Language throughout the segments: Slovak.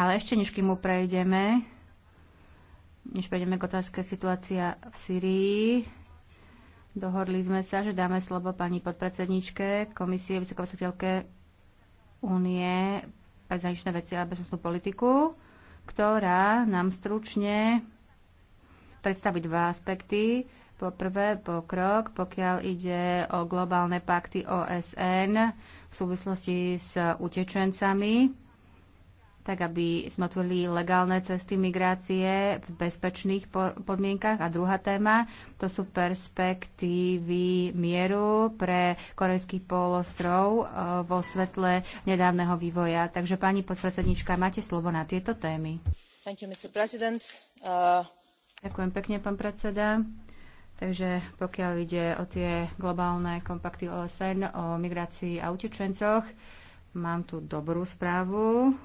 Ale ešte než kým mu prejdeme, než prejdeme k otázke situácia v Syrii, dohodli sme sa, že dáme slovo pani podpredsedničke Komisie vysokovysvetelke Únie pre zahraničné veci a bezpečnostnú politiku, ktorá nám stručne predstaví dva aspekty. Po prvé, pokrok, pokiaľ ide o globálne pakty OSN v súvislosti s utečencami tak aby sme otvorili legálne cesty migrácie v bezpečných podmienkach. A druhá téma, to sú perspektívy mieru pre korejský polostrov e, vo svetle nedávneho vývoja. Takže pani podpredsednička, máte slovo na tieto témy. Thank you, Mr. President. Uh... Ďakujem pekne, pán predseda. Takže pokiaľ ide o tie globálne kompakty OSN o migrácii a utečencoch, mám tu dobrú správu.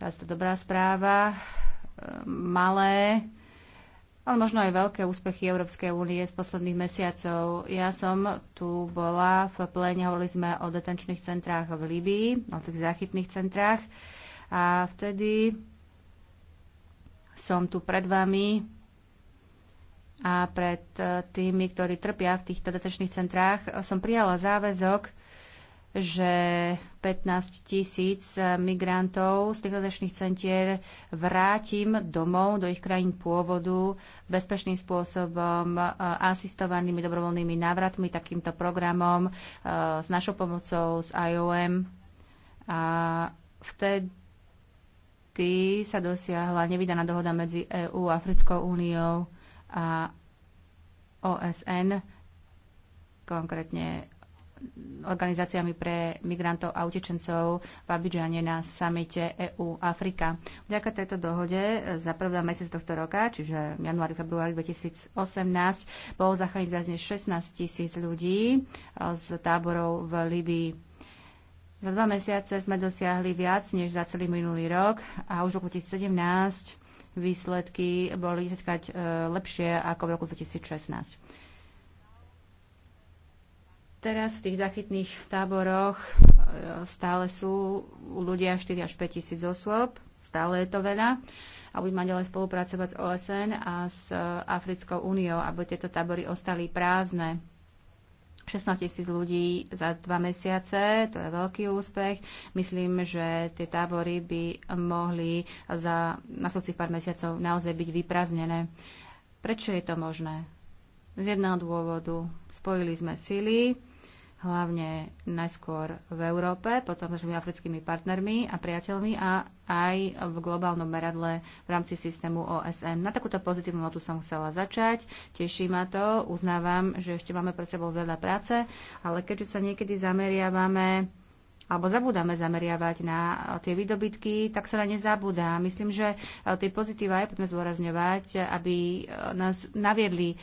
Teraz to dobrá správa. Eh, malé, ale možno aj veľké úspechy Európskej únie z posledných mesiacov. Ja som tu bola v pléne, hovorili sme o detenčných centrách v Líbii, o tých záchytných centrách. A vtedy som tu pred vami a pred eh, tými, ktorí trpia v týchto detenčných centrách, som prijala záväzok, že 15 tisíc eh, migrantov z tých centier vrátim domov do ich krajín pôvodu bezpečným spôsobom, eh, asistovanými dobrovoľnými návratmi, takýmto programom, eh, s našou pomocou, s IOM. A vtedy sa dosiahla nevydaná dohoda medzi EÚ, Africkou úniou a OSN, konkrétne organizáciami pre migrantov a utečencov v Abidžane na samite EU-Afrika. Vďaka tejto dohode e, za prvý mesiac tohto roka, čiže januári, februári 2018, bolo zachrániť viac než 16 tisíc ľudí e, z táborov v Libii. Za dva mesiace sme dosiahli viac než za celý minulý rok a už v roku 2017 výsledky boli získať e, lepšie ako v roku 2016. Teraz v tých zachytných táboroch e, stále sú ľudia 4 až 5 tisíc osôb, stále je to veľa a budeme ďalej spolupracovať s OSN a s e, Africkou úniou, aby tieto tábory ostali prázdne. 16 tisíc ľudí za dva mesiace, to je veľký úspech. Myslím, že tie tábory by mohli za nasledujúcich pár mesiacov naozaj byť vyprázdnené. Prečo je to možné? Z jedného dôvodu spojili sme sily, hlavne najskôr v Európe, potom s našimi africkými partnermi a priateľmi a aj v globálnom meradle v rámci systému OSN. Na takúto pozitívnu notu som chcela začať. Teší ma to, uznávam, že ešte máme pred sebou veľa práce, ale keďže sa niekedy zameriavame alebo zabudáme zameriavať na tie výdobytky, tak sa na ne zabudá. Myslím, že e, tie pozitíva je potrebné zdôrazňovať, e, aby e, nás naviedli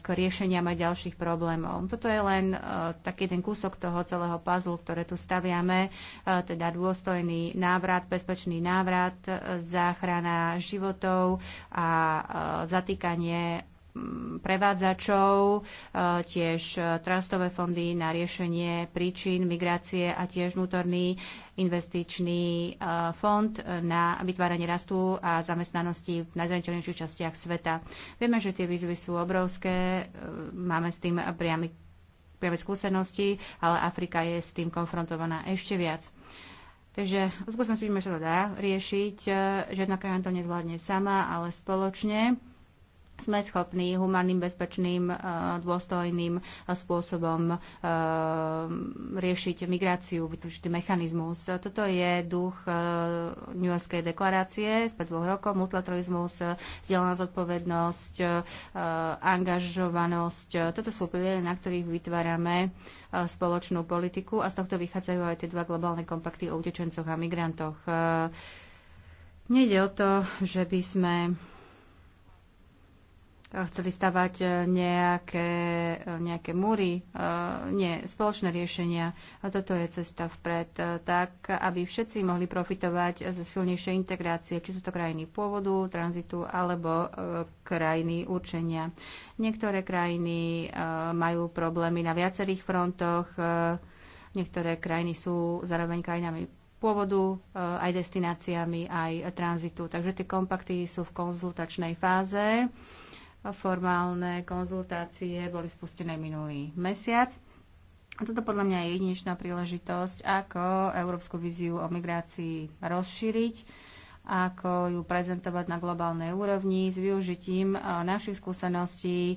k riešeniam aj ďalších problémov. Toto je len taký ten kúsok toho celého puzzle, ktoré tu staviame, teda dôstojný návrat, bezpečný návrat, záchrana životov a zatýkanie Mm, prevádzačov, e, tiež e, trastové fondy na riešenie príčin migrácie a tiež vnútorný investičný e, fond na vytváranie rastu a zamestnanosti v najzraniteľnejších častiach sveta. Vieme, že tie výzvy sú obrovské, máme s tým priamy, priame skúsenosti, ale Afrika je s tým konfrontovaná ešte viac. Takže skúsenosti vidíme, že to dá riešiť. Žiadna krajina to nezvládne sama, ale spoločne sme schopní humánnym, bezpečným, e, dôstojným spôsobom e, riešiť migráciu, vytvoriť mechanizmus. Toto je duch e, New Yorkskej deklarácie z dvoch rokov, multilateralizmus, vzdelaná zodpovednosť, angažovanosť. Toto sú pilieri, na ktorých vytvárame spoločnú politiku a z tohto vychádzajú aj tie dva globálne kompakty o utečencoch a migrantoch. Nejde o to, že by sme chceli stavať e, nejaké, e, nejaké múry, e, nie spoločné riešenia. A toto je cesta vpred, tak aby všetci mohli profitovať zo silnejšej integrácie, či sú to krajiny pôvodu, tranzitu alebo krajiny určenia. Niektoré krajiny majú problémy na viacerých frontoch, niektoré krajiny sú zároveň krajinami pôvodu, aj destináciami, aj tranzitu. Takže tie kompakty sú v konzultačnej fáze Formálne konzultácie boli spustené minulý mesiac. A toto podľa mňa je jedinečná príležitosť, ako európsku víziu o migrácii rozšíriť, ako ju prezentovať na globálnej úrovni s využitím eh, našich skúseností eh,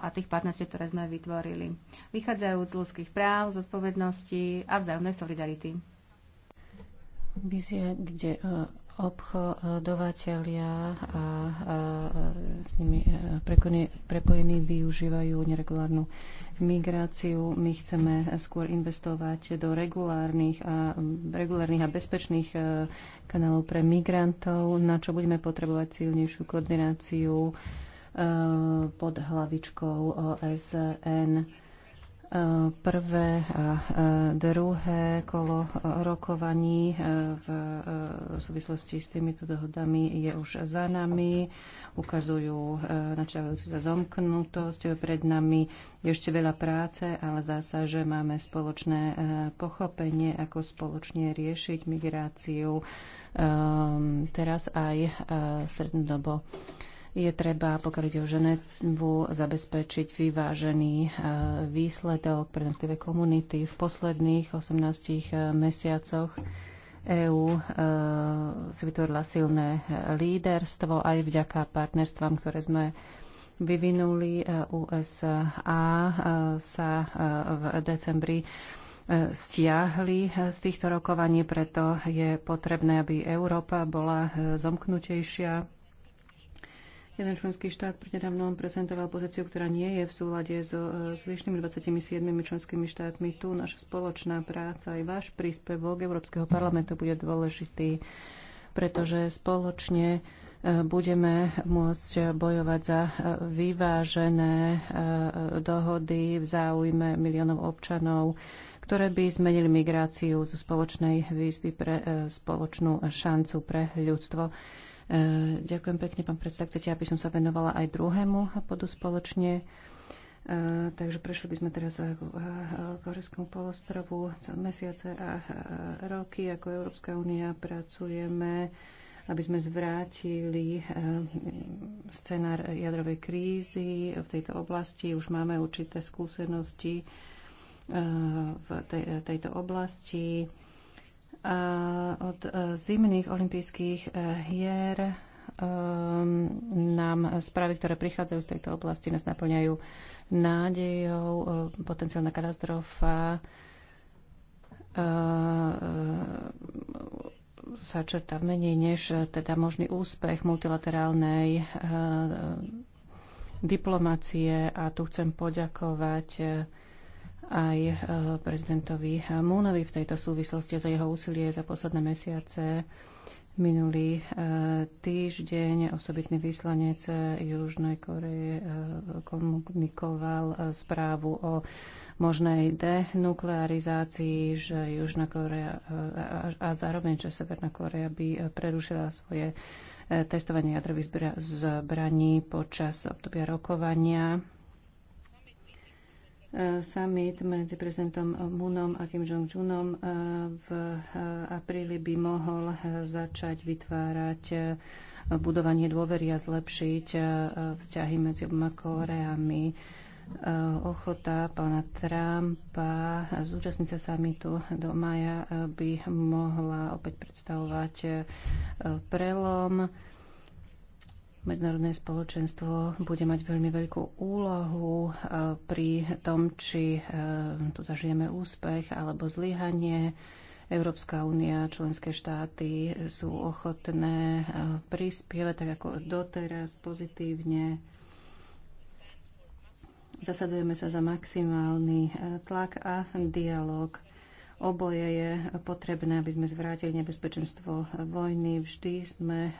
a tých partnerstiev, ktoré sme vytvorili. Vychádzajúc z ľudských práv, zodpovednosti a vzájomnej solidarity. Vízia, kde eh, obchodovateľia a, s nimi e, prepojení využívajú neregulárnu migráciu. My chceme skôr investovať do regulárnych a, regulárnych a bezpečných e, kanálov pre migrantov, na čo budeme potrebovať silnejšiu koordináciu e, pod hlavičkou OSN prvé a druhé kolo rokovaní e, e, v súvislosti s týmito dohodami je už za nami. Ukazujú e, načávajúcu zomknutosť. Pred nami je ešte veľa práce, ale zdá sa, že máme spoločné pochopenie, ako spoločne riešiť migráciu teraz aj strednodobo. dobo je treba, pokiaľ ide o Ženevu, zabezpečiť vyvážený e, výsledok pre jednotlivé komunity. V posledných 18 e, mesiacoch EÚ e, si vytvorila silné líderstvo aj vďaka partnerstvám, ktoré sme vyvinuli. USA sa v decembri stiahli z týchto rokovaní, preto je potrebné, aby Európa bola zomknutejšia Jeden členský štát prednedávno prezentoval pozíciu, ktorá nie je v súlade so zvyšnými e, 27 členskými štátmi. Tu naša spoločná práca aj váš príspevok Európskeho parlamentu bude dôležitý, pretože spoločne e, budeme môcť bojovať za e, vyvážené dohody v záujme miliónov občanov, ktoré by zmenili migráciu zo spoločnej výzvy pre spoločnú šancu pre ľudstvo. E, ďakujem pekne, pán predseda. Chcete, aby som sa venovala aj druhému podu spoločne? E, takže prešli by sme teraz e, k Korejskému polostrovu mesiace a roky. Ako Európska únia pracujeme, aby sme zvrátili scenár jadrovej krízy v tejto oblasti. Už máme určité skúsenosti v tejto oblasti Eh, od eh, zimných olympijských eh, hier nám správy, ktoré prichádzajú z tejto oblasti, nás naplňajú nádejou. Potenciálna katastrofa sa črta menej než teda možný úspech multilaterálnej diplomácie a tu chcem poďakovať aj eh, prezidentovi Múnovi v tejto súvislosti za jeho úsilie za posledné mesiace. Minulý eh, týždeň osobitný vyslanec eh, Južnej Koreje komunikoval správu o možnej denuklearizácii, že Južná Korea a zároveň, že Severná Korea by prerušila svoje testovanie jadrových zbraní počas obdobia rokovania Eh, summit medzi prezidentom Moonom a Kim Jong-unom eh, v eh, apríli by mohol začať vytvárať budovanie dôvery a zlepšiť vzťahy medzi oboma Koreami. Ochota pána Trumpa zúčastniť sa samitu do maja by mohla opäť predstavovať prelom Medzinárodné spoločenstvo bude mať veľmi veľkú úlohu e, pri tom, či e, tu zažijeme úspech alebo zlyhanie. Európska únia, členské štáty sú ochotné e, prispievať tak ako doteraz pozitívne. Zasadujeme sa za maximálny tlak a dialog. Oboje je potrebné, aby sme zvrátili nebezpečenstvo vojny. Vždy sme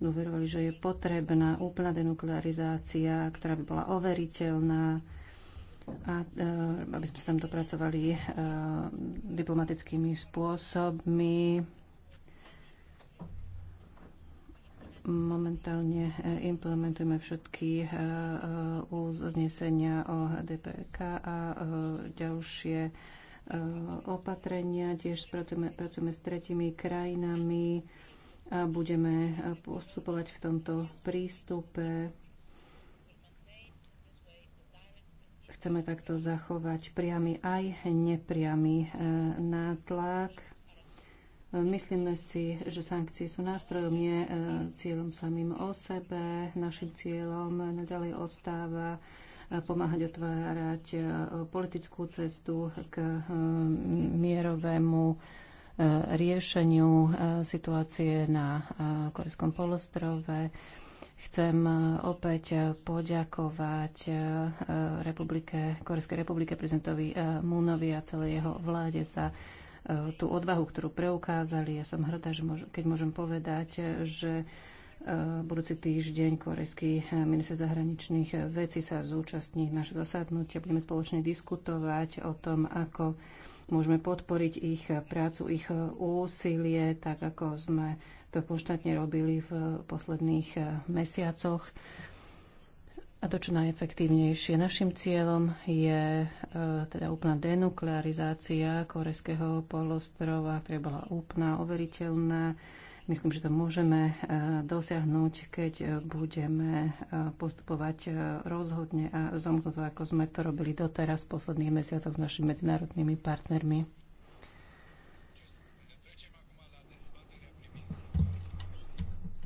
dôverovali, že je potrebná úplná denuklearizácia, ktorá by bola overiteľná a e, aby sme sa tam dopracovali e, diplomatickými spôsobmi. Momentálne e, implementujeme všetky uznesenia o DPK a ďalšie opatrenia. Tiež pracujeme, pracujeme s tretimi krajinami budeme e, postupovať v tomto prístupe. Chceme takto zachovať priamy aj nepriamy e, nátlak. Myslíme si, že sankcie sú nástrojom, nie e, cieľom samým o sebe. Našim cieľom nadalej ostáva pomáhať otvárať politickú cestu k mierovému riešeniu e, situácie na e, Korejskom polostrove. Chcem e, opäť poďakovať republike, Korejskej republike prezidentovi Múnovi a celej jeho vláde za tú odvahu, ktorú preukázali. Ja som hrdá, že môž, keď môžem povedať, že budúci týždeň korejský minister zahraničných vecí sa zúčastní naše a Budeme spoločne diskutovať o tom, ako môžeme podporiť ich prácu, ich úsilie, tak ako sme to konštantne robili v posledných eh, mesiacoch. A to čo najefektívnejšie. Našim cieľom je e, teda úplná denuklearizácia korejského polostrova, ktorá bola úplná, overiteľná. E, Myslím, že to môžeme e, dosiahnuť, keď e, budeme e, postupovať rozhodne a zomknuto, ako sme to robili doteraz v posledných mesiacoch s našimi medzinárodnými partnermi.